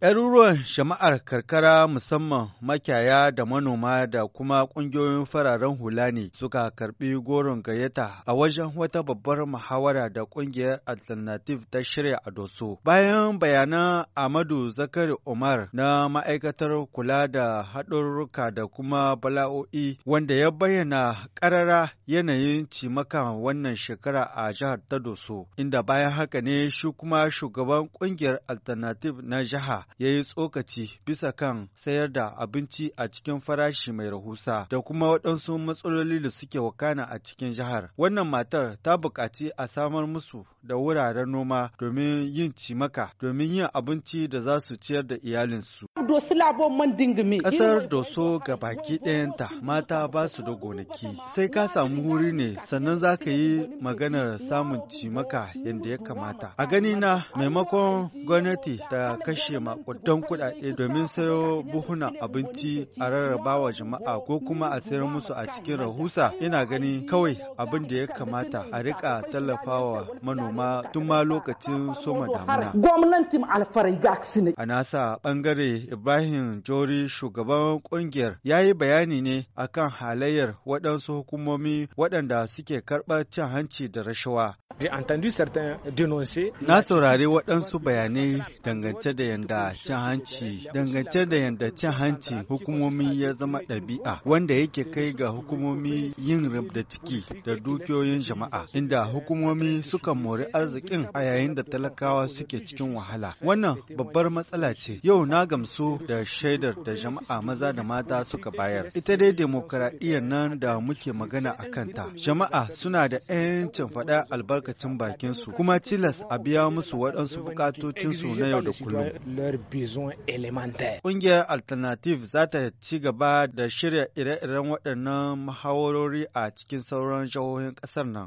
Ɗaruruwan jama'ar karkara musamman makiyaya da manoma da kuma ƙungiyoyin fararen hula ne suka karɓi goron gayyata a wajen wata babbar muhawara da ƙungiyar Alternative ta shirya a Doso. Bayan bayanan Amadu Zakari Umar na ma'aikatar kula da haɗurruka da kuma bala'o'i wanda ya bayyana ƙarara yanayin cimaka wannan shekara a jihar ta Doso, inda bayan haka ne shi kuma shugaban ƙungiyar Alternative na jiha ya yi tsokaci bisa kan sayar da abinci a cikin farashi mai rahusa da kuma waɗansu matsaloli da suke wakana a cikin jihar. Wannan matar ta buƙaci a samar musu da wuraren noma domin yin cimaka domin yin abinci da za su ciyar da iyalinsu. Ƙasar Doso ga baki ɗayanta mata ba su da gonaki. Sai ka samu wuri ne sannan za ka yi maganar samun cimaka yadda ya kamata. A ganina maimakon gwamnati ta kashe ma makudan kuɗaɗe domin sayo buhuna abinci a rarraba wa jama'a ko kuma a sayar musu a cikin rahusa ina gani kawai abin da ya kamata a rika tallafawa manoma tun ma lokacin soma damuna. A nasa bangare Ibrahim Jori shugaban kungiyar ya yi bayani ne akan halayyar waɗansu hukumomi waɗanda suke karɓar cin hanci da rashawa. Na saurari waɗansu bayanai dangance da yanda cin hanci dangance da yadda cin hanci hukumomi ya zama ɗabi'a wanda yake kai ga hukumomi yin da ciki da dukiyoyin jama'a inda hukumomi suka mori arzikin a yayin da talakawa suke cikin wahala wannan babbar matsala ce yau na gamsu da shaidar da jama'a maza da mata suka bayar ita dai demokaradiyyar nan da muke magana a kanta jama'a suna da 'yancin faɗa albarkacin bakinsu kuma tilas a biya musu waɗansu bukatocinsu na yau da kullum bizon élémentaire. Ƙungiyar Alternative za ta ci gaba da shirya ire-iren waɗannan mahawarori a cikin sauran jihohin ƙasar nan.